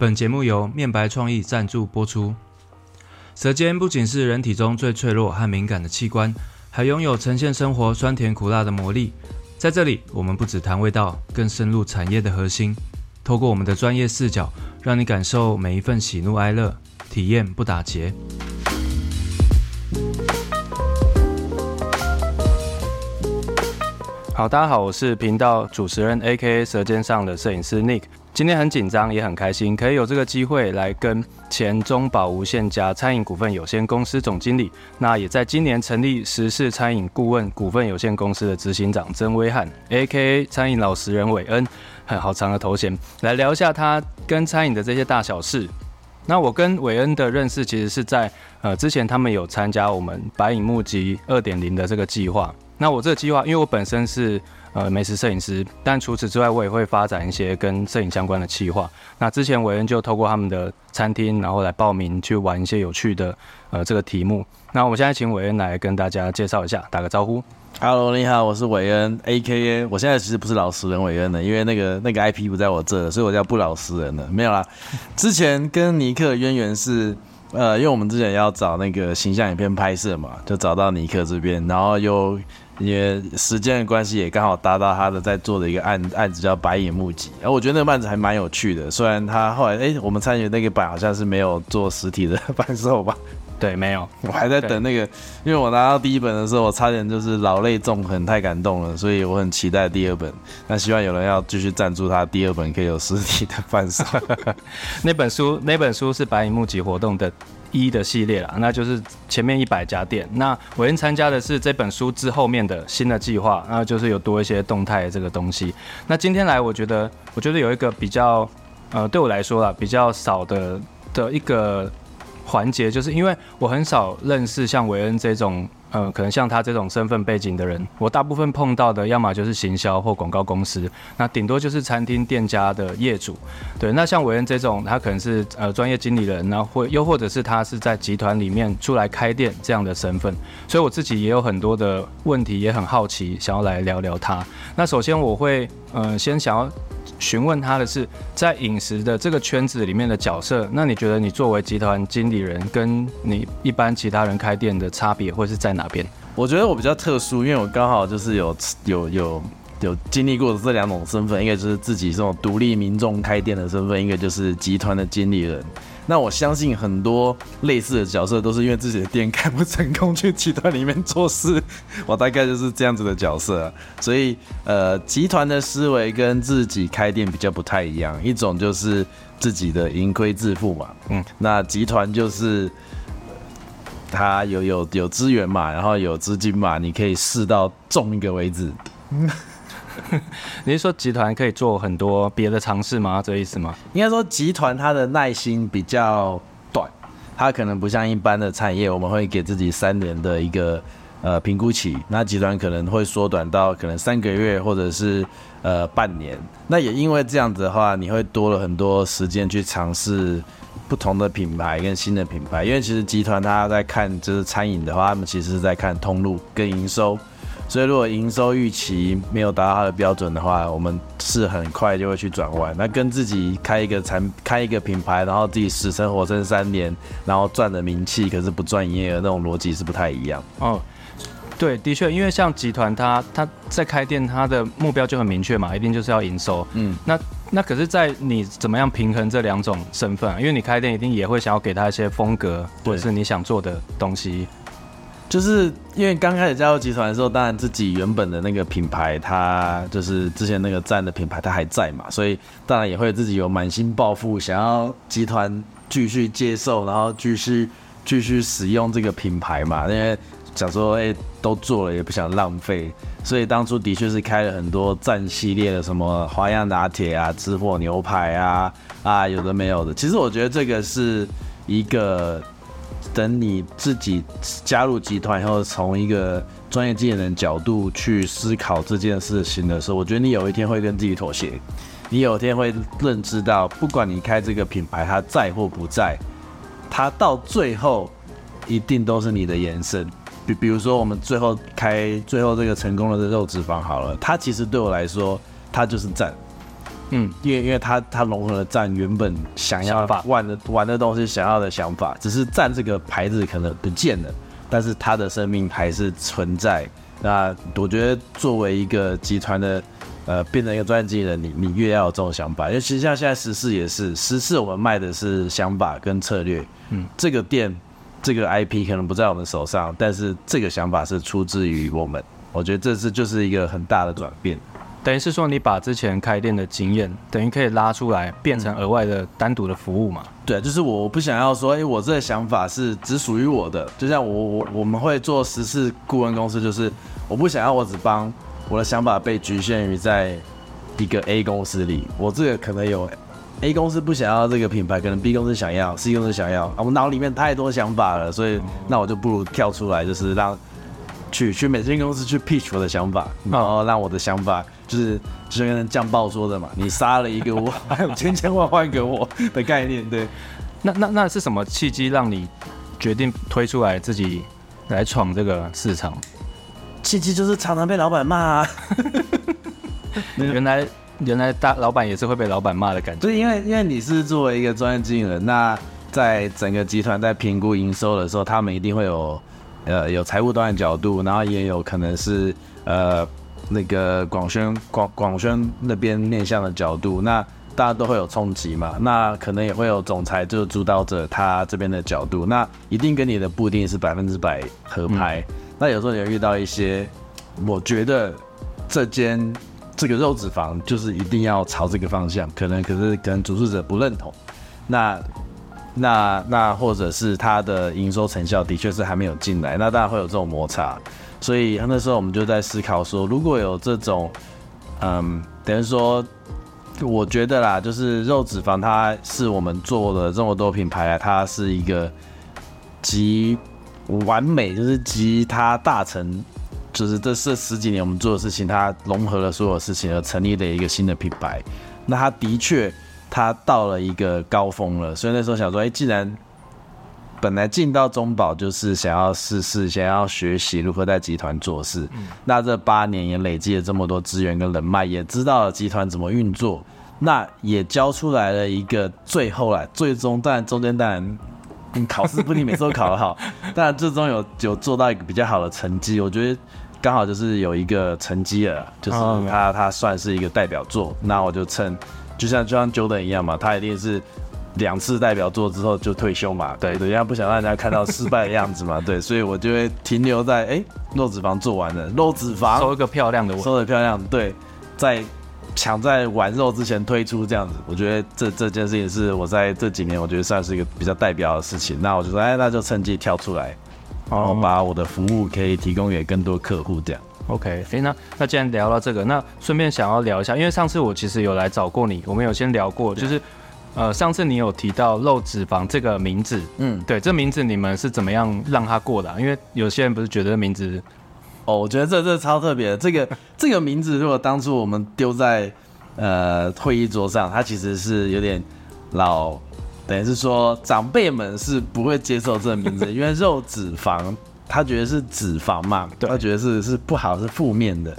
本節目由面白創意贊助播出。舌尖不僅是人體中最脆弱和敏感的器官，還擁有呈現生活酸甜苦辣的魔力。在這裡，我們不只談味道，更深入產業的核心，透過我們的專業視角，讓你感受每一份喜怒哀樂，體驗不打結。好，大家好，我是頻道主持人，aka 舌尖上的攝影師 Nick。今天很緊張，也很開心，可以有這個機會來跟前中保無限家餐飲股份有限公司總經理，那也在今年成立時事餐飲顧問股份有限公司的執行長曾威漢，A.K.A. 餐飲老實人韋恩，很好長的頭銜，來聊一下他跟餐飲的這些大小事。那我跟韋恩的認識其實是在呃之前他們有參加我們白影募集二點零的這個計劃。那我這個計劃，因為我本身是。呃，美食攝影師，但除此之外，我也會發展一些跟攝影相關的企劃。那之前韋恩就透過他們的餐廳，然後來報名去玩一些有趣的呃，這個題目。那我們現在請韋恩來跟大家介紹一下，打個招呼。Hello，你好，我是韋恩，AKA，我現在其實不是老食人韋恩了，因為那個那個 IP 不在我這，所以我叫不老食人了。沒有啦，之前跟尼克淵源是呃，因為我們之前要找那個形象影片拍攝嘛，就找到尼克這邊，然後又。因為時間的關係，也剛好搭到他的在做的一個案案子，叫《白眼目擊》。然後我覺得那個案子還蠻有趣的，雖然他後來，哎、欸，我們參與那個版好像是沒有做實體的販售吧？對，沒有。我還在等那個，因為我拿到第一本的時候，我差點就是老淚縱橫，太感動了。所以我很期待第二本，那希望有人要繼續贊助他第二本，可以有實體的販售。 那本書，那本書是《白眼目擊》活動的。一的系列了，那就是前面一百家店。那偉恩參加的是這本書之後面的新的計劃，那就是有多一些動態的這個東西。那今天來，我覺得我覺得有一個比較，呃，對我來說啊，比較少的的一個環節，就是因為我很少認識像偉恩這種。呃、嗯，可能像他這種身份背景的人，我大部分碰到的，要麼就是行銷或廣告公司，那頂多就是餐廳店家的業主。對，那像偉恩這種，他可能是呃專業經理人，呢，或又或者是他是在集團裡面出來開店這樣的身份。所以我自己也有很多的問題，也很好奇，想要來聊聊他。那首先我會呃先想要詢問他的是，在飲食的這個圈子裡面的角色，那你覺得你作為集團經理人，跟你一般其他人開店的差別，會是在哪？我覺得我比較特殊，因為我剛好就是有有有有經歷過的這兩種身份，一個就是自己這種獨立民眾開店的身份，一個就是集團的經理人。那我相信很多類似的角色都是因為自己的店開不成功，去集團裡面做事。我大概就是這樣子的角色，所以呃，集團的思維跟自己開店比較不太一樣。一種就是自己的盈虧自負嘛，嗯，那集團就是。他有有有資源嘛，然後有資金嘛，你可以試到中一個為止。 你是說集團可以做很多別的嘗試嗎？這個意思嗎？應該說集團它的耐心比較短，它可能不像一般的產業，我們會給自己三年的一個。呃，評估期，那集團可能會縮短到可能三個月或者是呃半年。那也因為這樣子的話，你會多了很多時間去嘗試不同的品牌跟新的品牌。因為其實集團他在看就是餐飲的話，他們其實是在看通路跟營收。所以如果營收預期沒有達到它的標準的話，我們是很快就會去轉彎。那跟自己開一個產開一個品牌，然後自己死撐活撐三年，然後賺了名氣，可是不賺營業額，那種邏輯是不太一樣。嗯。Oh. 對，的確，因為像集團，他他在開店，他的目標就很明確嘛，一定就是要營收。嗯，那那可是，在你怎麼樣平衡這兩種身份啊？因為你開店一定也會想要給他一些風格，或者是你想做的東西。就是因為剛開始加入集團的時候，當然自己原本的那個品牌，它，就是之前那個站的品牌，它還在嘛，所以當然也會自己有滿心抱負，想要集團繼續接受，然後繼續繼續使用這個品牌嘛，嗯，因為。想說哎、欸，都做了也不想浪費，所以當初的確是開了很多站系列的，什麼花樣拿鐵啊、吃貨牛排啊啊，有的沒有的。其實我覺得這個是一個，等你自己加入集團以後，從一個專業經理人角度去思考這件事情的時候，我覺得你有一天會跟自己妥協，你有一天會認知到，不管你開這個品牌它在或不在，它到最後一定都是你的延伸。比比如說，我們最後開最後這個成功的肉脂肪好了，它其實對我來說，它就是贊。嗯，因為因為它它融合了贊原本想要把玩的玩的東西想要的想法，只是贊這個牌子可能不見了，但是它的生命還是存在。那我覺得作為一個集團的呃，變成一個專業經理人，你你越要有這種想法，因為其實像現在十四也是十四，我們賣的是想法跟策略。嗯，這個店。這個 IP 可能不在我們手上，但是這個想法是出自於我們。我覺得這次就是一個很大的轉變，等於是說你把之前開店的經驗，等於可以拉出來變成額外的單獨的服務嘛、嗯？對，就是我不想要說，哎，我這個想法是只屬於我的。就像我我我們會做十次顧問公司，就是我不想要我只幫我的想法被局限於在一個 A 公司裡，我這個可能有，A 公司不想要這個品牌，可能 B 公司想要，嗯、C 公司想要，我腦裡面太多想法了，所以那我就不如跳出來，就是讓去去每間公司去 pitch 我的想法，然後讓我的想法就是就像醬爆說的嘛，你殺了一個我， 還有千千萬萬個我的概念。對，那那那是什麼契機讓你決定推出來自己來闖這個市場？契機就是常常被老闆罵啊。 原來。原來大老闆也是會被老闆罵的感覺，因為因為你是作為一個專業經理人，那在整個集團在評估營收的時候，他們一定會有，呃，有財務端的角度，然後也有可能是呃那個廣宣廣廣宣那邊面向的角度，那大家都會有衝擊嘛，那可能也會有總裁就主導者他這邊的角度，那一定跟你的不一定是百分之百合拍。嗯，那有時候也遇到一些，我覺得這間。這個肉脂肪，就是一定要朝這個方向，可能可是可能主事者不認同，那那那或者是它的營收成效的確是還沒有進來，那當然會有這種摩擦，所以那時候我們就在思考說，如果有這種，嗯，等於說，我覺得啦，就是肉脂肪，它是我們做了這麼多品牌，它是一個極完美，就是集它大成。就是這這十幾年我們做的事情，它融合了所有事情而成立的一個新的品牌。那它的確，它到了一個高峰了。所以那時候想說，哎、欸，既然本來進到中保就是想要試試，想要學習如何在集團做事。嗯、那這八年也累積了這麼多資源跟人脈，也知道了集團怎麼運作。那也交出來了一個最後來最終當然中間當然、嗯、考試不一定每次都考得好，但 最終有有做到一個比較好的成績。我覺得。剛好就是有一個成績了，就是他他算是一個代表作，哦、那我就趁，就像就像 Jordan 一樣嘛，他一定是兩次代表作之後就退休嘛，對人家不想讓人家看到失敗的樣子嘛， 對，所以我就會停留在哎，肉、欸、脂肪做完了，肉脂肪收一個漂亮的，收得漂亮，對，在搶在玩肉之前推出這樣子，我覺得這這件事情是我在這幾年我覺得算是一個比較代表的事情，那我就說哎、欸，那就趁機挑出來。然後把我的服務可以提供給更多客戶，這樣。Oh. OK，所以那那既然聊到這個，那順便想要聊一下，因為上次我其實有來找過你，我們有先聊過，就是呃上次你有提到“肉次方”這個名字，嗯，對，這名字你們是怎麼樣讓它過的啊？因為有些人不是覺得名字，哦，我覺得這這超特別的，這個 這個名字如果當初我們丟在呃會議桌上，它其實是有點老。等於是說，長輩們是不會接受這個名字， 因為肉脂肪，他覺得是脂肪嘛，對，他覺得是是不好，是負面的。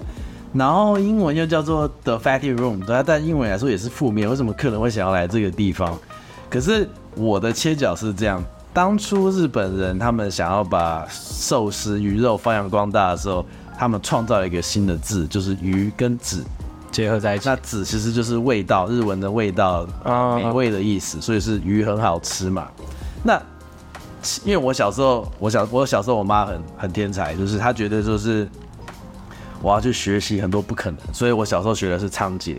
然後英文又叫做 the fatty room，對，但英文來說也是負面。為什麼客人會想要來這個地方？可是我的切角是這樣：當初日本人他們想要把壽司魚肉發揚光大的時候，他們創造了一個新的字，就是魚跟旨。結合在一起，那脂其實就是味道，日文的味道，oh. 美味的意思，所以是魚很好吃嘛。那因為我小時候，我小我小時候我，我媽很很天才，就是她覺得就是我要去學習很多不可能，所以我小時候學的是倉頡，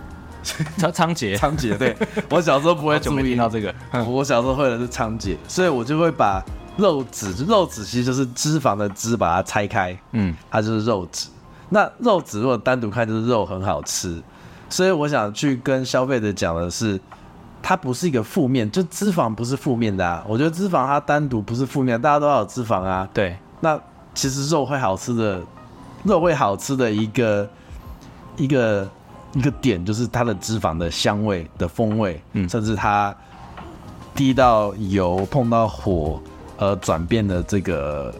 叫倉頡，倉頡，對我小時候不會注意、oh, 到這個，我小時候會的是倉頡、嗯，所以我就會把肉脂，肉脂其實就是脂肪的脂，把它拆開，嗯，它就是肉脂。那肉質如果單獨看就是肉很好吃，所以我想去跟消費者講的是，它不是一個負面，就脂肪不是負面的啊。我覺得脂肪它單獨不是負面，大家都要有脂肪啊。對，那其實肉會好吃的，肉會好吃的一個一個一個點就是它的脂肪的香味的風味，嗯，甚至它滴到油碰到火而轉變的這個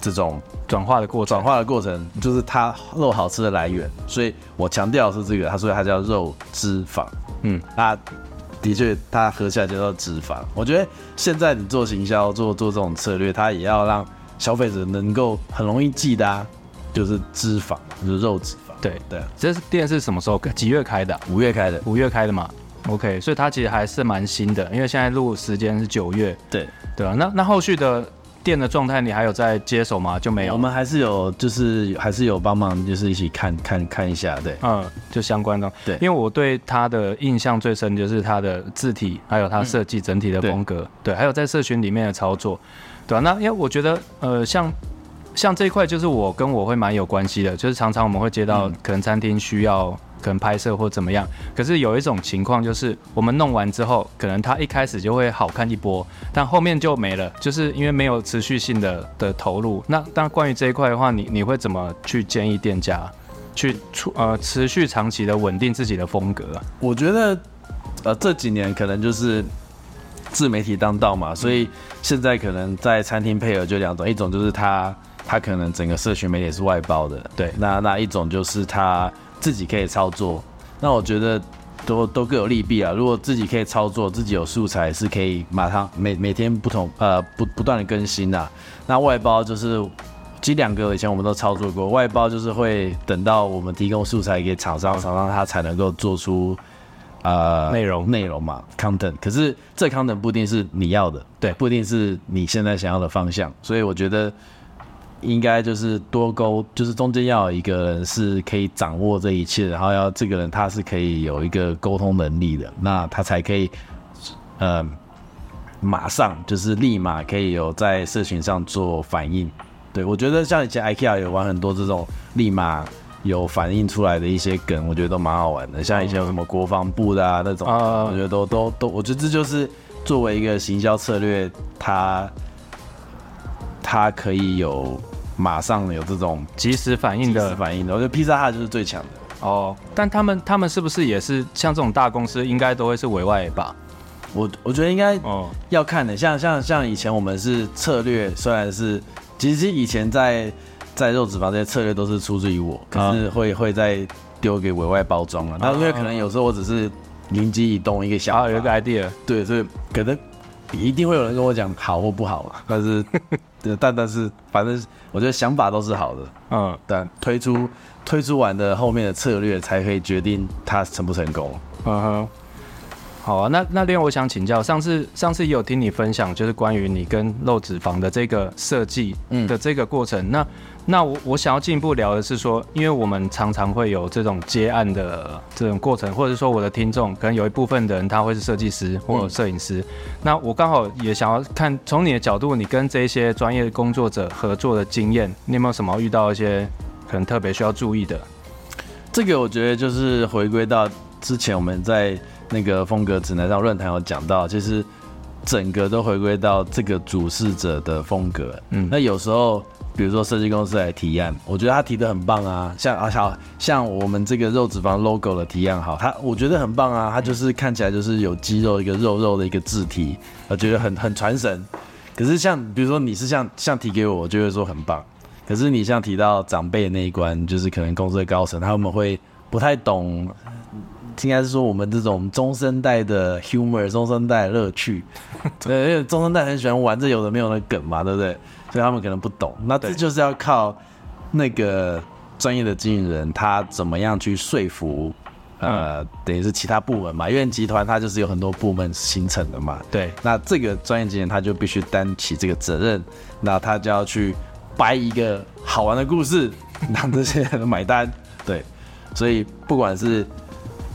這種。轉化的過轉化的過程就是它肉好吃的來源，所以我強調是這個，所以他說它叫肉脂肪，嗯，啊，的確它合起來叫做脂肪。我覺得現在你做行銷做做這種策略，它也要讓消費者能夠很容易記得啊，就是脂肪，就是肉脂肪。對對，這是店是什麼時候開？幾月開的啊？五月開的，五月開的嘛。OK，所以它其實還是蠻新的，因為現在錄時間是九月。對對啊，那那後續的。店的狀態你還有在接手嗎？就沒有，我們還是有，就是還是有幫忙，就是一起看看看一下，對，嗯，就相關的，對，因為我對他的印象最深就是他的字體，還有他設計整體的風格，嗯對，對，還有在社群裡面的操作，對啊，那因為我覺得，呃，像像這一塊就是我跟我會蠻有關係的，就是常常我們會接到可能餐廳需要。可能拍攝或怎麼樣，可是有一種情況就是，我們弄完之後，可能它一開始就會好看一波，但後面就沒了，就是因為沒有持續性的的投入。那但關於這一塊的話，你你會怎麼去建議店家去出呃持續長期的穩定自己的風格？我覺得呃這幾年可能就是自媒體當道嘛，所以現在可能在餐廳配合就兩種，一種就是他他可能整個社群媒體是外包的，對，那那一種就是他，自己可以操作，那我覺得都都各有利弊啊。如果自己可以操作，自己有素材是可以馬上每每天不同呃不不斷的更新的。那外包就是，其實兩個以前我們都操作過，外包就是會等到我們提供素材給廠商，廠商他才能夠做出啊、呃、內容內容嘛 content。可是這 content 不一定是你要的，對，不一定是你現在想要的方向，所以我覺得。應該就是多溝，就是中間要有一個人是可以掌握這一切，然後要這個人他是可以有一個溝通能力的，那他才可以，嗯、呃，馬上就是立馬可以有在社群上做反應。對，我覺得像以前 IKEA 有玩很多這種立馬有反應出來的一些梗，我覺得都蠻好玩的。像以前有什麼國防部的啊那種、嗯，我覺得都都都，我覺得這就是作為一個行銷策略，它它可以有。馬上有這種及時反應的即時反應，我覺得披薩哈就是最強的。哦、oh，但他們他們是不是也是像這種大公司，應該都會是委外吧？我我覺得應該，哦要看的。像像像以前我們是策略，雖然是其實以前在在肉脂肪這些策略都是出自於我，可是會、啊、會再丟給委外包裝了。因為可能有時候我只是靈機一動一個小、啊，有一個 idea，對，所以可能也一定會有人跟我講好或不好，但是。 但但是，反正我覺得想法都是好的，嗯，但推出推出完的後面的策略，才可以決定它成不成功，嗯哼。好啊，那那另外我想請教，上次上次也有聽你分享，就是關於你跟肉脂肪的這個設計的這個過程，嗯、那。那我我想要進一步聊的是說，因為我們常常會有這種接案的這種過程，或者是說我的聽眾可能有一部分的人他會是設計師或者攝影師，嗯、那我剛好也想要看從你的角度，你跟這些專業工作者合作的經驗，你有沒有什麼遇到一些可能特別需要注意的？這個我覺得就是回歸到之前我們在那個風格指南上論壇有講到，其實整個都回歸到這個主事者的風格，嗯，那有時候。比如說設計公司來提案，我覺得他提得很棒啊，像啊，像像我們這個肉脂肪 logo 的提案，好，他我覺得很棒啊，他就是看起來就是有肌肉一個肉肉的一個字體，我覺得很很傳神。可是像比如說你是像像提給我，我就會說很棒。可是你像提到長輩的那一關，就是可能公司的高層，他們會不太懂，應該是說我們這種中生代的 humor，中生代樂趣，對，因為中生代很喜歡玩這有的沒有的梗嘛，對不對？所以他們可能不懂，那這就是要靠那個專業的經理人，他怎麼樣去說服呃，嗯、等於是其他部門嘛，因為集團它就是有很多部門形成的嘛。對，那這個專業經理人他就必須擔起這個責任，那他就要去掰一個好玩的故事，讓這些人買單。對，所以不管是。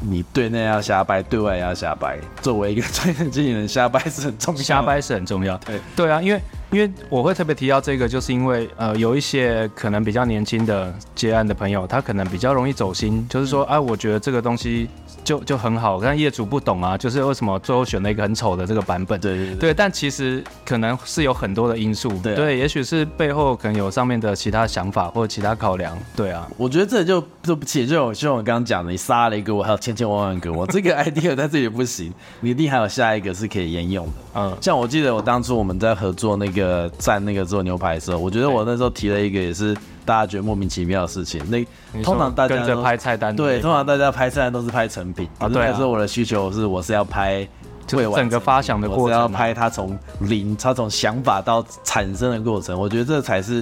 你對內要瞎掰，對外要瞎掰。作為一個專業經理人，瞎掰是很重要，瞎掰是很重要。對對啊，因為因為我會特別提到這個，就是因為呃，有一些可能比較年輕的接案的朋友，他可能比較容易走心，嗯、就是說，啊，我覺得這個東西。就就很好，但業主不懂啊，就是為什麼最後選了一個很醜的這個版本？對對，對，對但其實可能是有很多的因素，對、啊，對，也許是背後可能有上面的其他想法或者其他考量。對啊，我覺得這就對不起就，就像我剛剛講的，你殺了一個我，我還有千千萬萬個， 我這個 idea 在這裡不行，你一定還有下一個是可以沿用的。嗯，像我記得我當初我們在合作那個蘸那個做牛排的時候，我覺得我那時候提了一個也是。嗯大家覺得莫名其妙的事情，那通常大家在拍菜單，對，對，通常大家拍菜單都是拍成品。啊，對。那是我的需求是，我是要拍、就是、整個發想的過程，我是要拍它從零，啊、它從想法到產生的過程。我覺得這才是，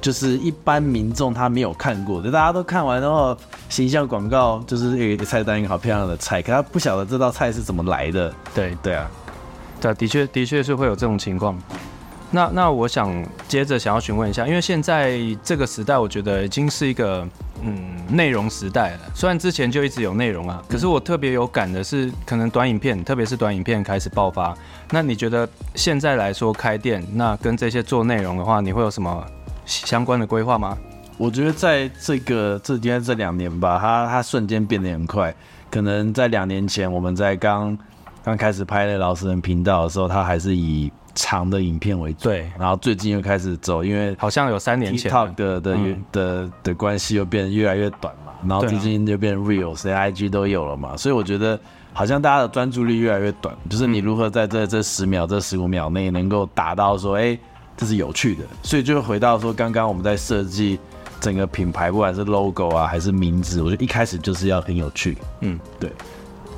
就是一般民眾他沒有看過的。大家都看完之後，形象廣告就是有一個菜單，一個好漂亮的菜，可他不曉得這道菜是怎麼來的。對，對啊，對，的確，的確是會有這種情況。那那我想接着想要詢問一下，因為現在這個時代，我覺得已經是一個嗯內容時代了。雖然之前就一直有內容啊、嗯，可是我特別有感的是，可能短影片，特別是短影片開始爆發。那你覺得現在來說開店，那跟這些做內容的話，你會有什麼相關的規劃嗎？我覺得在這個至今這兩年吧，它它瞬間變得很快。可能在兩年前，我們在剛剛開始拍的不老食人頻道的時候，它還是以。長的影片為主，對，然後最近又開始走，因為好像有三年前 TikTok 的的的的，嗯、的關係又變得越來越短嘛，然後最近就變 real，誰、啊、IG 都有了嘛，所以我覺得好像大家的專注力越來越短，就是你如何在這這十秒這十五秒內能夠達到說，哎、欸，這是有趣的，所以就回到說剛剛我們在設計整個品牌，不管是 logo 啊還是名字，我覺得一開始就是要很有趣，嗯，對，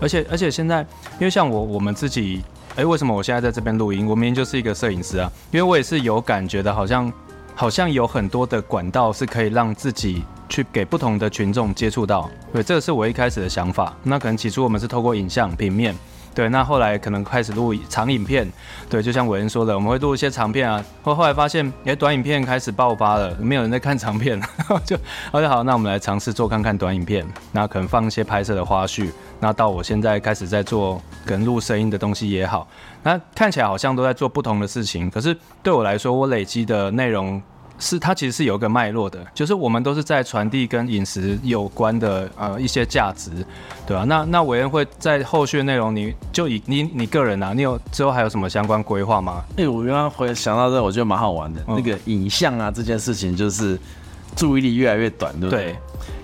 而且而且現在因為像我我們自己。哎、欸，為什麼我現在在這邊錄音？我明明就是一個攝影師啊，因為我也是有感覺的，好像，好像有很多的管道是可以讓自己去給不同的群眾接觸到，對，這個是我一開始的想法。那可能起初我們是透過影像、平面。對，那後來可能開始錄長影片，對，就像偉恩說的，我們會錄一些長片啊。後後來發現，誒，短影片開始爆發了，沒有人在看長片了，然後就大家好，那我們來嘗試做看看短影片。那可能放一些拍攝的花絮。那到我現在開始在做，可能錄聲音的東西也好，那看起來好像都在做不同的事情。可是對我來說，我累積的內容。是，它其實是有一個脈絡的，就是我們都是在傳遞跟飲食有關的呃一些價值，對吧、啊？那那偉恩會在後續的內容你，你就以你你個人啊，你有之後還有什麼相關規劃嗎？哎、欸，我原來回想到這我覺得蠻好玩的、嗯。那個影像，啊，這件事情就是注意力越來越短，對不對？對，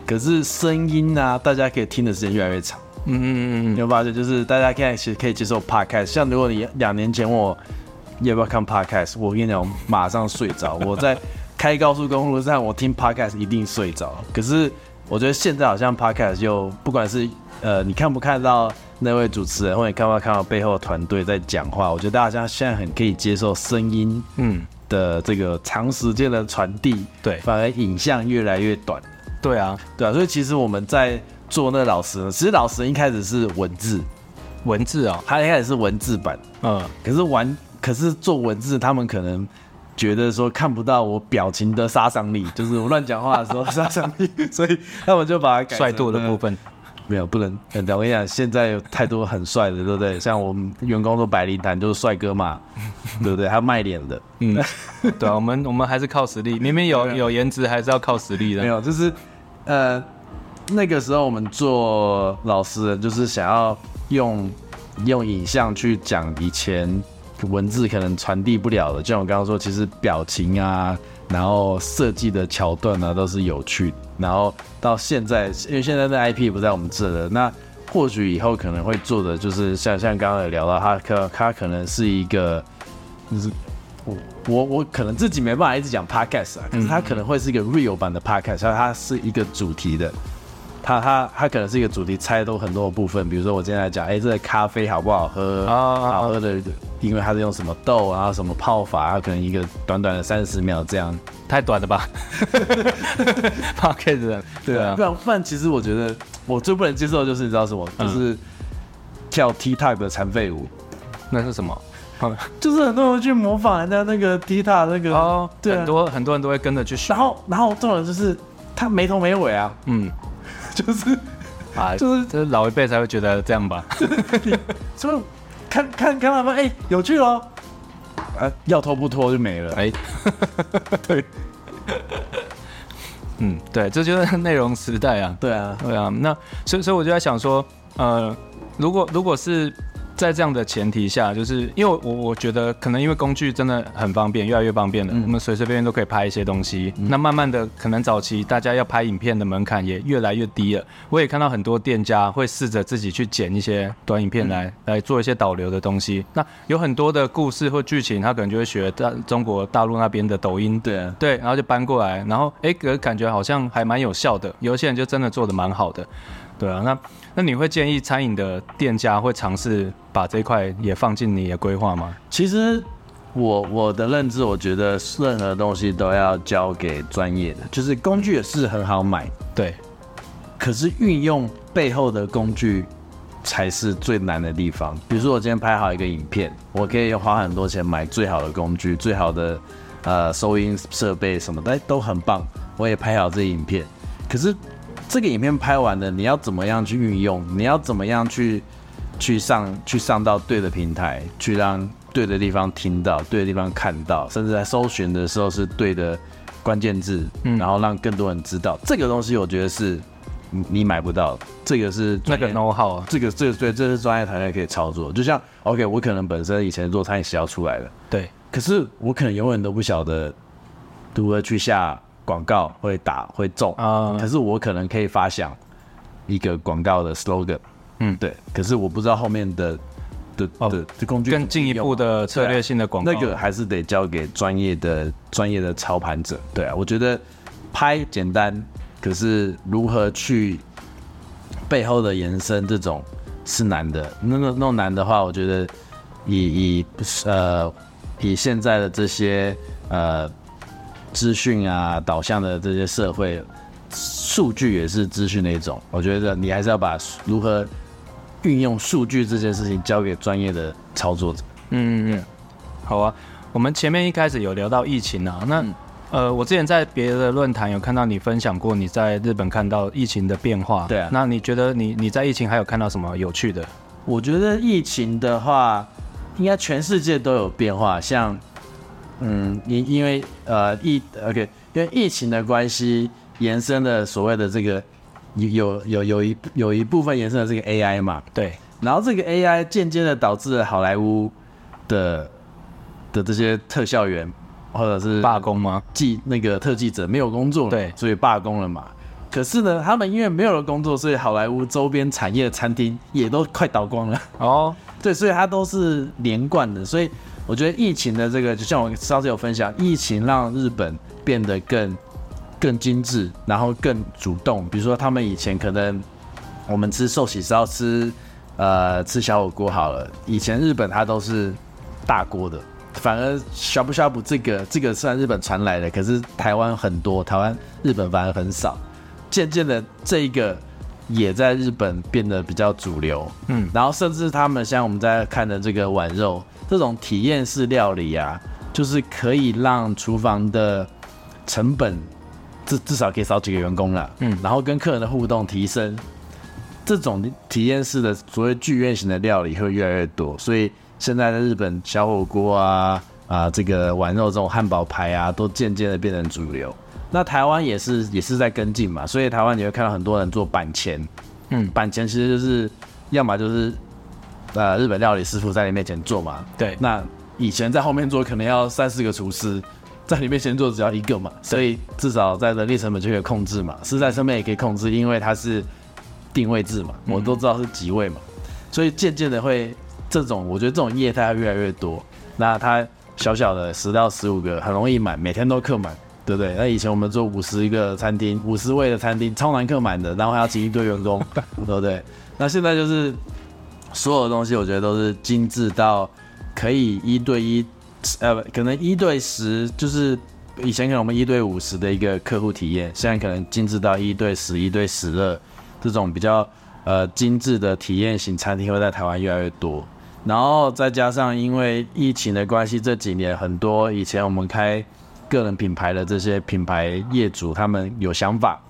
可是聲音啊，大家可以聽的時間越來越長。嗯嗯嗯，有，有發現就是大家可以其實可以接受 podcast，像如果你兩年前問我要不要看 podcast，我跟你講，馬上睡着。我在 開高速公路上，我聽 Podcast 一定睡着。可是我覺得現在好像 Podcast 就不管是呃，你看不看到那位主持人，或者看不看到背後的團隊在講話，我覺得大家現在很可以接受聲音，嗯的這個長時間的傳遞、嗯。對，反而影像越來越短。對啊，對啊。所以其實我們在做那老食人呢，其實老食人一開始是文字，文字哦，他一開始是文字版。嗯。可是玩，可是做文字，他們可能。覺得說看不到我表情的殺傷力，就是我亂講話的時候殺傷力， 所以那我就把它帥度的部分，沒有不能等。等、呃、我跟你講，現在有太多很帥的，對不對？像我們員工做百靈談就是帥哥嘛， 對不對？還有賣臉的， 嗯，對啊。我們我們還是靠實力， 明明有有顏值還是要靠實力的。 沒有，就是呃那個時候我們做老師，就是想要用用影像去講以前。文字可能傳遞不了的，就像我剛剛說，其實表情啊，然後設計的橋段啊，都是有趣的。然後到現在，因為現在的 IP 不在我們這了，那或許以後可能會做的就是像像剛剛有聊到他，他可他可能是一個，就是我我我可能自己沒辦法一直講 podcast 啊、嗯，可是他可能會是一個 real 版的 podcast，它是一個主題的，它它它可能是一個主題，猜都很多的部分，比如說我今天來講，哎、欸，這個咖啡好不好喝？啊、oh，好喝的。因為他是用什麼豆啊，什麼泡法啊，可能一個短短的三十秒這樣，太短了吧？哈哈哈哈哈。對啊。不然其實我覺得我最不能接受的就是你知道什麼？嗯、就是跳 T Type 的殘廢舞， 那是什麼？嗯，就是很多人去模仿人家那個 T Type 那個，哦、oh, 啊，對很多很多人都會跟着去學。然後然後這種就是他沒頭沒尾啊，嗯， 就是啊、 就是，就是就是、老一輩才會覺得這樣吧，哈 哈看看看嘛嘛，哎、欸，有趣嘍！啊，要脫不脫就沒了。哎、欸， 對， 嗯，對，這就是內容時代啊。對啊，對啊。那所以，所以我就在想說，呃，如果如果是。在這樣的前提下，就是因為我我覺得可能因為工具真的很方便，越來越方便了，我們隨隨便便都可以拍一些東西。那慢慢的，可能早期大家要拍影片的門檻也越來越低了。我也看到很多店家會試着自己去剪一些短影片來來做一些導流的東西。那有很多的故事或劇情，他可能就會學到中國大陸那邊的抖音，對對，然後就搬過來，然後哎，給人感覺好像還蠻有效的。有些人就真的做得蠻好的。對啊，那那你會建議餐飲的店家會嘗試把這塊也放進你的規劃嗎？其實我我的認知，我覺得任何東西都要交給專業的，就是工具也是很好買，對。可是運用背後的工具才是最難的地方。比如說我今天拍好一個影片，我可以花很多錢買最好的工具，最好的呃收音設備什麼的，都很棒，我也拍好這影片，可是。這個影片拍完了，你要怎麼樣去運用？你要怎麼樣去，去上，去上到對的平台，去讓對的地方聽到，對的地方看到，甚至在搜尋的時候是對的關鍵字，嗯，然後讓更多人知道。這個東西我覺得是，你買不到的，這個是那個 know how，這個，這個對，這是專業團隊可以操作。就像 OK，我可能本身以前做餐飲是要出來的，對，可是我可能永遠都不曉得如何去下。廣告會打會中啊、嗯，可是我可能可以發想一個廣告的 slogan，嗯，對。可是我不知道後面的的、哦、的工具、啊、更進一步的策略性的廣告、啊啊，那個還是得交給專業的專業的操盤者。對啊，我覺得拍簡單，嗯、可是如何去背後的延伸，這種是難的。那個、那那個、難的話，我覺得以以呃以現在的這些呃。資訊啊，導向的這些社會數據也是資訊的一種。我覺得你還是要把如何運用數據這件事情交給專業的操作者。嗯嗯嗯，好啊。我們前面一開始有聊到疫情啊，那、嗯、呃，我之前在別的論壇有看到你分享過你在日本看到疫情的變化。對啊。那你覺得你你在疫情還有看到什麼有趣的？我覺得疫情的話，應該全世界都有變化，像。嗯，因因為呃疫，OK，因為疫情的關係，延伸了所謂的這個有有有有一有一部分延伸了這個 AI 嘛，嗯、對。然後這個 AI 漸漸的導致了好萊塢的的,的這些特效員或者是罷工嗎？記那個特技者沒有工作，對，所以罷工了嘛。可是呢，他們因為沒有了工作，所以好萊塢周邊產業餐廳也都快倒光了。哦， 對，所以它都是連貫的，所以。我覺得疫情的這個，就像我上次有分享，疫情讓日本變得更更精緻，然後更主動。比如說，他們以前可能我們吃壽喜燒吃，呃，吃小火鍋好了。以前日本它都是大鍋的，反而 shabu shabu 這個這個雖然日本傳來的，可是台灣很多，台灣日本反而很少。漸漸的，這個也在日本變得比較主流。嗯，然後甚至他們像我們在看的這個碗肉。這種體驗式料理啊，就是可以讓廚房的成本，至至少可以少幾個員工了。嗯，然後跟客人的互動提升，這種體驗式的所謂劇院型的料理會越來越多。所以現在的日本小火鍋啊啊，這個丸肉這種漢堡排啊，都漸漸的變成主流。那台灣也是也是在跟進嘛，所以台灣你會看到很多人做板前，嗯，板前其實就是要麼就是。那、呃、日本料理師傅在你面前做嘛。對，那以前在後面做可能要三四個廚師，在你面前做只要一個嘛，所以至少在人力成本就可以控制嘛，食材成本也可以控制，因為它是定位制嘛，我們都知道是幾位嘛，嗯、所以漸漸的會這種，我覺得這種業態越來越多。那它小小的十到十五個很容易滿，每天都客滿，對不對？那以前我們做五十一個餐廳，五十位的餐廳超難客滿的，然後還要請一堆員工， 對不對？那現在就是。所有的東西，我覺得都是精緻到可以一對一，呃，可能一對十，就是以前可能我們一對五十的一個客戶體驗，現在可能精緻到一對十、一對十二這種比較呃精緻的體驗型餐廳會在台灣越來越多。然後再加上因為疫情的關係，這幾年很多以前我們開個人品牌的這些品牌業主，他們有想法。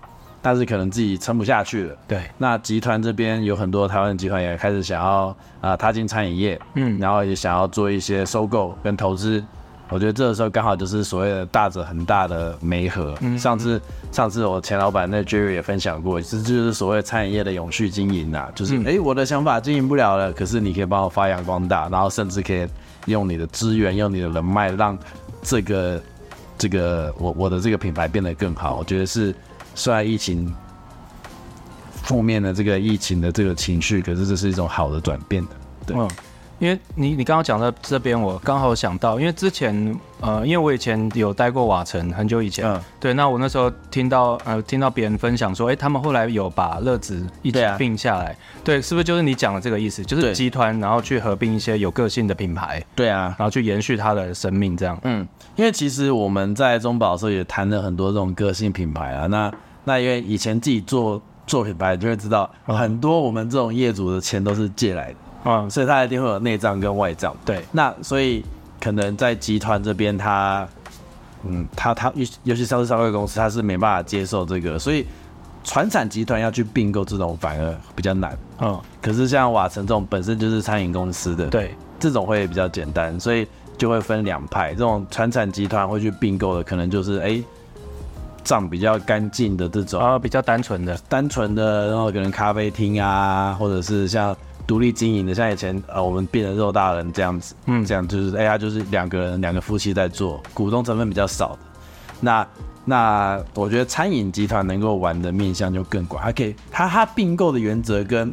但是可能自己撐不下去了。對，那集團這邊有很多台灣集團也開始想要啊、呃、踏進餐飲業，嗯，然後也想要做一些收購跟投資。我覺得這個時候剛好就是所謂的大者恆大的媒合。嗯、上次上次我前老闆那 Jerry 也分享過，其實就是所謂餐飲業的永續經營啊，就是哎、欸、我的想法經營不了了，可是你可以幫我發揚光大，然後甚至可以用你的資源、用你的人脈，讓這個這個我我的這個品牌變得更好。我覺得是。雖然疫情負面的這個疫情的這個情緒，可是這是一種好的轉變的，對。因為你你剛剛講到這邊，我剛好想到，因為之前呃，因為我以前有待過瓦城，很久以前，嗯，對，那我那時候聽到呃，聽到別人分享說，哎、欸，他們後來有把樂子一起併下來對、啊，對，是不是就是你講的這個意思？就是集團然後去合併一些有個性的品牌，對啊，然後去延續他的生命這樣。啊、嗯，因為其實我們在中保的時候也談了很多這種個性品牌啊，那那因為以前自己做做品牌就會知道，很多我們這種業主的錢都是借來的。嗯，所以他一定會有內帳跟外帳。對，那所以可能在集團這邊，他嗯、嗯，他他尤尤其是上市商會公司，他是沒辦法接受這個，所以傳產集團要去併購這種反而比較難。嗯，可是像瓦城這種本身就是餐飲公司的，嗯，對，這種會比較簡單，所以就會分兩派，這種傳產集團會去併購的，可能就是哎賬、欸、比較乾淨的這種啊、哦，比較單純的，單純的，然後可能咖啡廳啊，或者是像。獨立經營的，像以前呃，我們變成肉大人這樣子，嗯，這樣就是，哎呀，就是兩個人，兩個夫妻在做，股東成分比較少的。那那我覺得餐飲集團能夠玩的面向就更廣，OK，他可以他，他併購的原則跟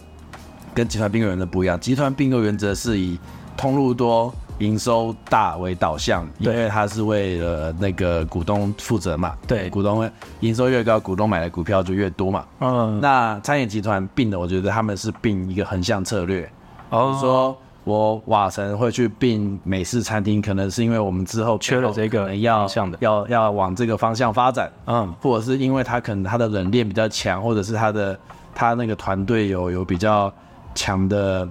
跟集團併購原則不一樣，集團併購原則是以通路多，營收大為導向，因為它是為了那個股東負責嘛。對，股東營收越高，股東買的股票就越多嘛。嗯，那餐飲集團併的，我覺得他們是併一個橫向策略。哦，就是說我瓦城會去併美式餐廳，可能是因為我們之後缺了這個要，橫向的，要要往這個方向發展。嗯，或者是因為他可能他的冷鏈比較強，或者是他的他那個團隊有有比較強的。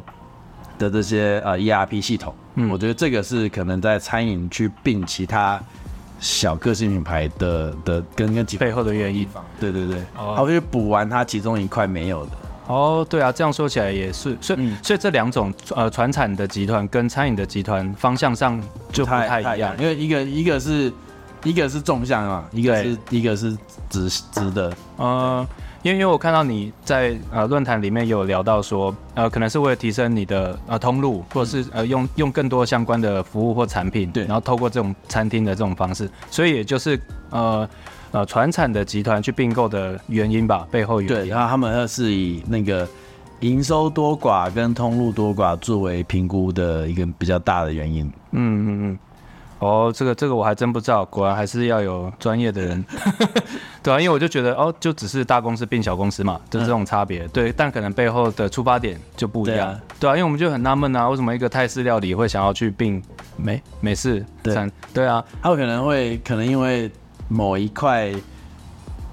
的這些呃 ERP 系統，嗯，我覺得這個是可能在餐飲去併其他小個性品牌的的，的跟跟其背後的願意方，對對對，然後去補完它其中一塊沒有的。哦，對啊，這樣說起來也是，所以、嗯、所以這兩種呃，傳產的集團跟餐飲的集團方向上就不太一樣，太太一樣因為一個一個是一個是縱向嘛，一個是、就是、一個是直直的，嗯因為，因為我看到你在呃論壇裡面有聊到說，呃，可能是為了提升你的呃通路，或者是呃用用更多相關的服務或產品，對，然後透過這種餐廳的這種方式，所以也就是呃呃傳產的集團去併購的原因吧，背後原因對，然後他們是以那個營收多寡跟通路多寡作為評估的一個比較大的原因，嗯嗯嗯。嗯哦，這個這個我還真不知道，果然還是要有專業的人， 對啊，因為我就覺得哦，就只是大公司併小公司嘛，就這種差別。嗯，對，但可能背後的出發點就不一樣，對啊，對啊，因為我們就很納悶啊，為什麼一個泰式料理會想要去併美式美，美式對餐？對啊，它，啊，有可能會可能因為某一塊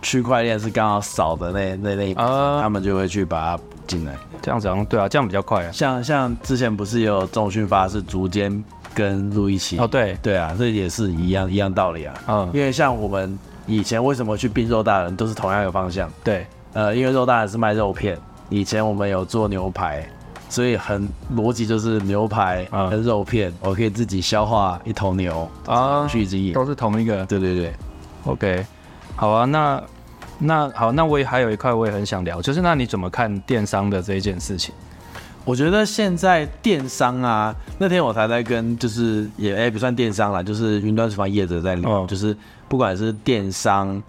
區塊鏈是剛好少的那那那一塊，呃，他們就會去把它進來，這樣子好像對啊，這樣比較快啊，像像之前不是有重種訊發是逐漸。跟陸一起哦，對對啊，這也是一樣一樣道理啊。嗯，因為像我們以前為什麼去併購肉大人都是同樣一個方向，對。呃，因為肉大人是賣肉片，以前我們有做牛排，所以很邏輯就是牛排跟肉片，嗯、我可以自己消化一頭牛、嗯就是、啊，聚、啊、一直都是同一個。對對對，OK，好啊，那那好，那我也還有一塊我也很想聊，就是那你怎麼看電商的這一件事情？我覺得現在電商啊，那天我才在跟就是也哎、欸、不算電商啦，就是雲端廚房業者在聊，嗯，就是不管是電商，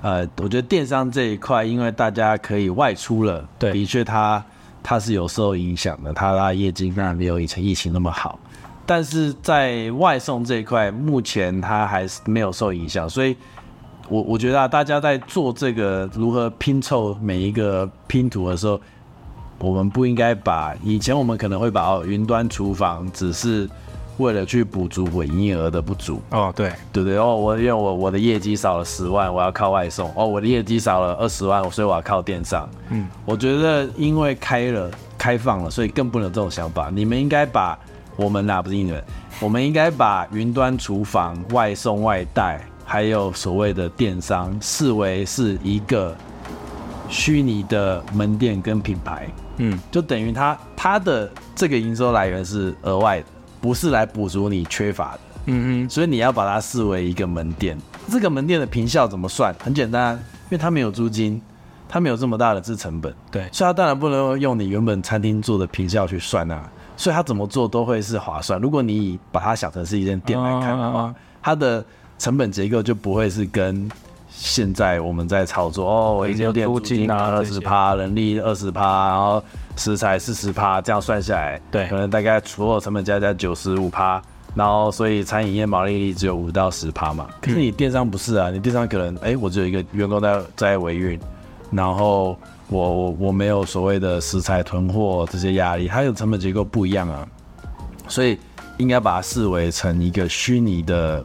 呃，我覺得電商這一塊，因為大家可以外出了，對，的確它它是有受影響的，它的業績當然沒有以前疫情那麼好，但是在外送這一塊，目前它還是沒有受影響，所以我，我我覺得、啊、大家在做這個如何拼湊每一個拼圖的時候。我們不應該把以前我們可能會把哦，雲端廚房，只是為了去補足營業額的不足哦，對對對哦，我因為我我的業績少了十萬，我要靠外送哦，我的業績少了二十萬，我所以我要靠電商。嗯，我覺得因為開了開放了，所以更不能有這種想法。你們應該把我們啊，不是你們，我們應該把雲端廚房、外送、外帶，還有所謂的電商，視為是一個虛擬的門店跟品牌。嗯，就等於它它的這個營收來源是額外的，不是來補足你缺乏的。嗯嗯，所以你要把它視為一個門店。這個門店的坪效怎麼算？很簡單，因為它沒有租金，它沒有這麼大的制成本。對，所以它當然不能用你原本餐廳做的坪效去算啊。所以它怎麼做都會是划算。如果你把它想成是一間店來看的話，它的成本結構就不會是跟。現在我們在操作哦，我已經有點租金啊，二十趴，人力二十趴，然後食材四十趴，這樣算下來，對，可能大概所有成本加加九十五趴，然後所以餐飲業毛利率只有五到十趴嘛。可是你電商不是啊，你電商可能哎、欸，我只有一個員工在在維運，然後我我我沒有所謂的食材囤貨這些壓力，它有成本結構不一樣啊，所以應該把它視為成一個虛擬的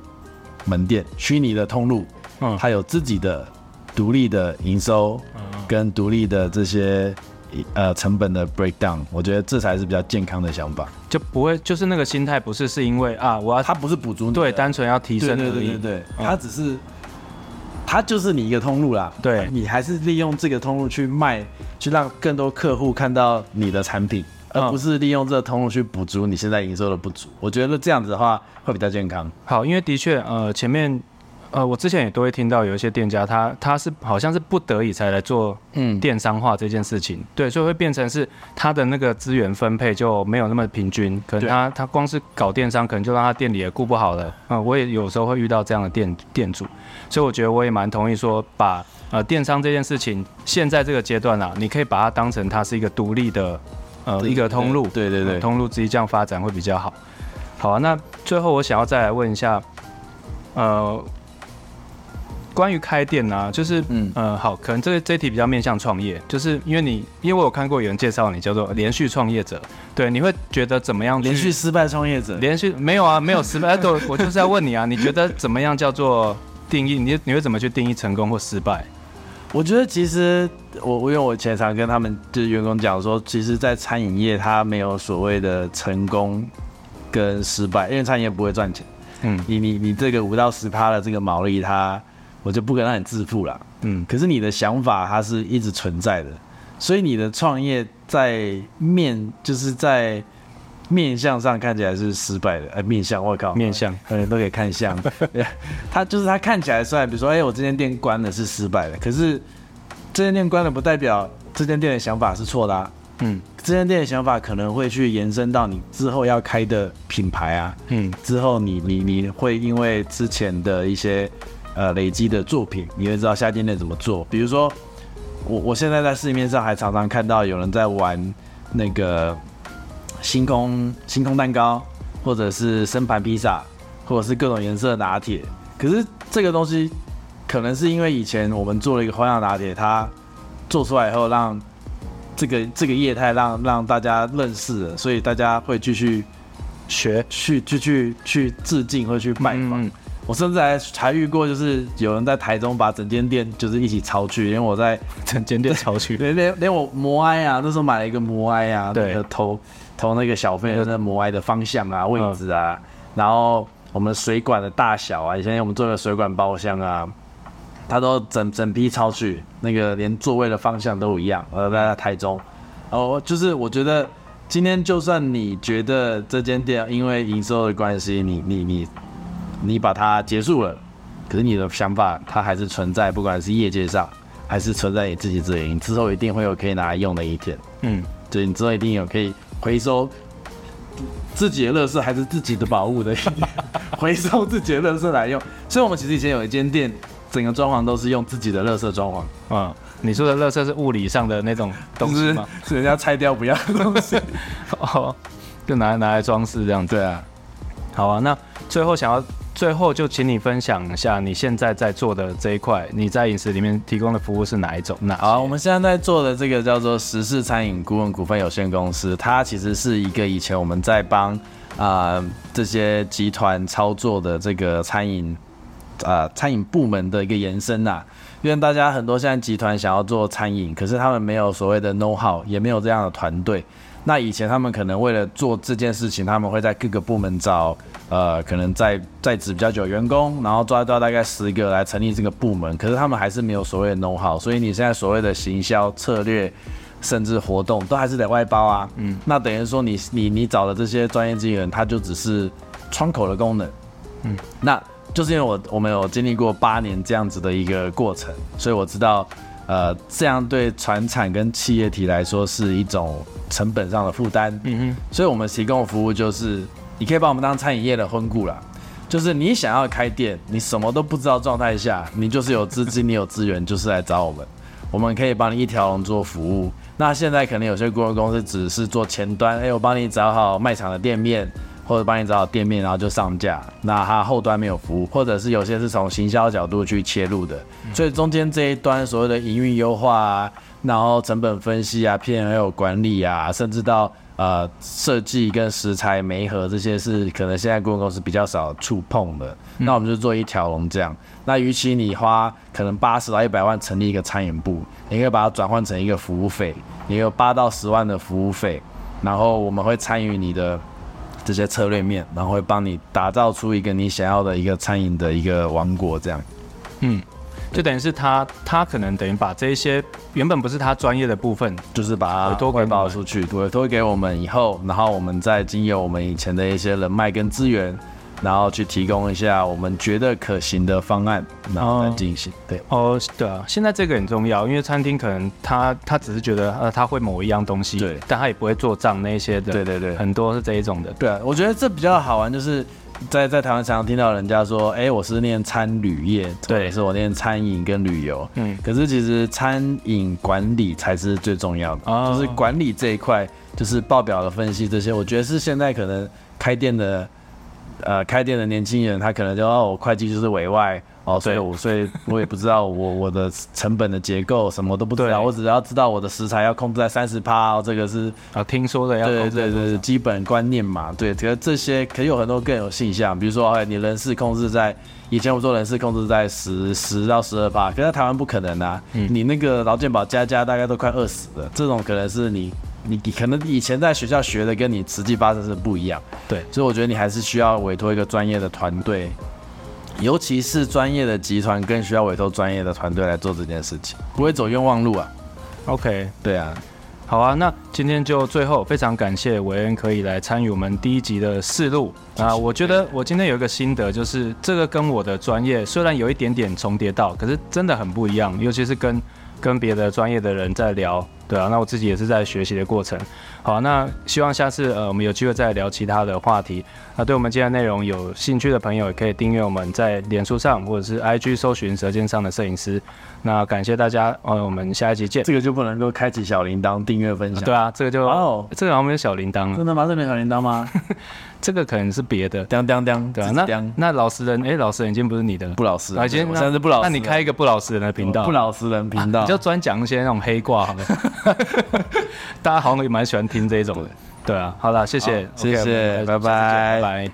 門店，虛擬的通路。嗯，它有自己的獨立的營收，跟獨立的這些呃成本的 breakdown，我覺得這才是比較健康的想法，就不會就是那個心態不是是因為啊，我要它不是補足你的對，單純要提升獨立，對對對對，它、嗯、只是它就是你一個通路啦，對你還是利用這個通路去賣，去讓更多客戶看到你的產品，而不是利用這個通路去補足你現在營收的不足、嗯，我覺得這樣子的話會比較健康。好，因為的確呃前面。呃，我之前也都會聽到有一些店家，他他是好像是不得已才來做嗯電商化這件事情、嗯，對，所以會變成是他的那個資源分配就沒有那麼平均，可能他他光是搞電商，可能就讓他店裡也顧不好了啊、呃。我也有時候會遇到這樣的店店主，所以我覺得我也蠻同意說，把呃電商這件事情現在這個階段啊，你可以把它當成它是一個獨立的呃一個通路，對對對，對，對、呃，通路之一，這樣發展會比較好。好啊，那最後我想要再來問一下，呃。關於開店啊，就是嗯嗯、呃、好，可能這個這題比較面向創業，就是因為你因為我有看過有人介紹你叫做連續創業者，對，你會覺得怎麼樣？連續失敗創業者？連續沒有啊，沒有失敗。我、 啊、我就是在問你啊，你覺得怎麼樣叫做定義？你你會怎麼去定義成功或失敗？我覺得其實我我因為我以前常跟他們就是員工講說，其實，在餐飲業它沒有所謂的成功跟失敗，因為餐飲業不會賺錢。嗯，你你你這個五到十趴的這個毛利它。我就不敢讓你致富了。嗯，可是你的想法它是一直存在的，所以你的創業在面就是在面相上看起來是失敗的。呃、欸，面相，我靠，面相，嗯，都可以看相。 他就是他看起來，雖然，比如說，哎、欸，我這間店關了是失敗的，可是這間店關了不代表這間店的想法是錯的，啊。嗯，這間店的想法可能會去延伸到你之後要開的品牌啊。嗯，之後你你你會因為之前的一些。呃，累積的作品，你會知道下界內怎麼做。比如說，我我現在在市面上還常常看到有人在玩那個星空星空蛋糕，或者是深盤披薩，或者是各種顏色的拿鐵。可是這個東西，可能是因為以前我們做了一個花樣拿鐵，它做出來以後讓這個這個業態讓讓大家認識了，所以大家會繼續學去，繼續去致敬或去拜訪。嗯我甚至還才遇過，就是有人在台中把整間店就是一起抄去，因為我在整間店抄去，連我在 整間店抄去 連,連,連我摩埃啊，那時候買了一個摩埃啊，對，那個、投投那個小費，那摩埃的方向啊、位置啊、嗯，然後我們水管的大小啊，以前我們做的水管包廂啊，他都整整批抄去，那個連座位的方向都一樣，呃，在台中，哦，就是我覺得今天就算你覺得這間店因為營收的關係，你你你。你你把它結束了，可是你的想法它還是存在，不管是業界上還是存在你自己這裡，你之後一定會有可以拿來用的一天。嗯，對，你之後一定有可以回收自己的樂色，還是自己的寶物的、嗯，回收自己的樂色來用。 所以我們其實以前有一間店，整個裝潢都是用自己的樂色裝潢。啊、嗯，你說的樂色是物理上的那種東西嗎？是？是人家拆掉不要的東西， 哦，就拿來拿來裝飾這樣。對啊，好啊，那最後想要。最後就請你分享一下你現在在做的這一塊，你在飲食裡面提供的服務是哪一種？那好、啊，我們現在在做的這個叫做時事餐飲顧問股份有限公司，它其實是一個以前我們在幫啊、呃、這些集團操作的這個餐飲啊、呃、餐飲部門的一個延伸吶、啊。因為大家很多現在集團想要做餐飲，可是他們沒有所謂的 know how，也沒有這樣的團隊。那以前他們可能為了做這件事情，他們會在各個部門找。呃，可能在在職比較久的員工，然後抓抓大概十個來成立這個部門，可是他們還是沒有所謂的 know-how，所以你現在所謂的行銷策略，甚至活動都還是得外包啊。嗯，那等於說你你你找的這些專業資源，它就只是窗口的功能。嗯，那就是因為我我們有經歷過八年這樣子的一個過程，所以我知道，呃，這樣對傳產跟企業體來說是一種成本上的負擔。嗯哼，所以我們提供服務就是。你可以把我們當餐飲業的婚顧啦，就是你想要開店，你什麼都不知道狀態下，你就是有資金，你有資源，就是來找我們，我們可以幫你一條龍做服務。那現在可能有些顧問公司只是做前端，哎、欸，我幫你找好賣場的店面，或者幫你找好店面，然後就上架。那它後端沒有服務，或者是有些是從行銷角度去切入的，所以中間這一端所謂的營運優化啊，然後成本分析啊、P&L 管理啊，甚至到。呃，設計跟食材、媒合這些是可能現在顧問公司比較少觸碰的、嗯，那我們就做一條龍這樣。那與其你花可能八十到一百萬成立一個餐飲部，你可以把它轉換成一個服務費，你有八到十萬的服務費，然後我們會參與你的這些策略面，然後會幫你打造出一個你想要的一個餐飲的一個王國這樣。嗯。就等於是他，他可能等於把這一些原本不是他專業的部分，就是把它外包出去，對，都會給我們以後，然後我們再經由我們以前的一些人脈跟資源，然後去提供一下我們覺得可行的方案，然後來進行，對哦，哦，對啊，現在這個很重要，因為餐廳可能他他只是覺得呃他,他會某一樣東西，對，但他也不會做賬那些的，對對對，很多是這一種的，對啊，我覺得這比較好玩就是。在在台灣常常聽到人家說，哎、欸，我是念餐旅業，對，是我念餐飲跟旅遊，嗯，可是其實餐飲管理才是最重要的，哦、就是管理這一塊，就是報表的分析這些，我覺得是現在可能開店的。呃，開店的年輕人，他可能就、哦、我會計就是委外哦，所以我所以我也不知道我 我的成本的結構什麼都不懂啊，我只要知道我的食材要控制在三十趴，這個是啊，聽說的要控制對對對，基本觀念嘛，對，可是這些可以有很多更有現象，比如說哎，你人事控制在，以前我做人事控制在十十到十二趴，可是在台灣不可能啊，嗯、你那個勞健保加加大概都快二十了，這種可能是你。你可能以前在學校學的跟你實際發生是不一樣，對，所以我覺得你還是需要委托一個專業的團隊，尤其是專業的集團更需要委托專業的團隊來做這件事情，不會走冤枉路啊 okay。OK，對啊，好啊，那今天就最後非常感謝偉恩可以來參與我們第一集的試錄啊。我覺得我今天有一個心得，就是這個跟我的專業雖然有一點點重疊到，可是真的很不一樣，尤其是跟跟別的專業的人在聊。對啊，那我自己也是在學習的過程。好，那希望下次呃，我們有機會再聊其他的話題。那對我們今天的內容有興趣的朋友，也可以訂閱我們在臉書上或者是 IG 搜尋《舌尖上的攝影師》。那感謝大家，哦，我們下一期見。這個就不能夠開啟小鈴鐺、訂閱分享、啊？對啊，這個就哦、oh, 欸，這個好像沒有小鈴鐺、啊，真的嗎？這沒有小鈴鐺嗎？ 這個可能是別的。當當當，對吧、啊？那那老食人，哎、欸，老食人已經不是你的，了不老食、啊。已經，我真是不老食。那你開一個不老食人的頻道，不老食人頻道、啊，你就專講一些那種黑掛，好了。大家好像也蠻喜歡聽這種的對。對啊，好了，謝謝，okay, 謝謝，拜，拜。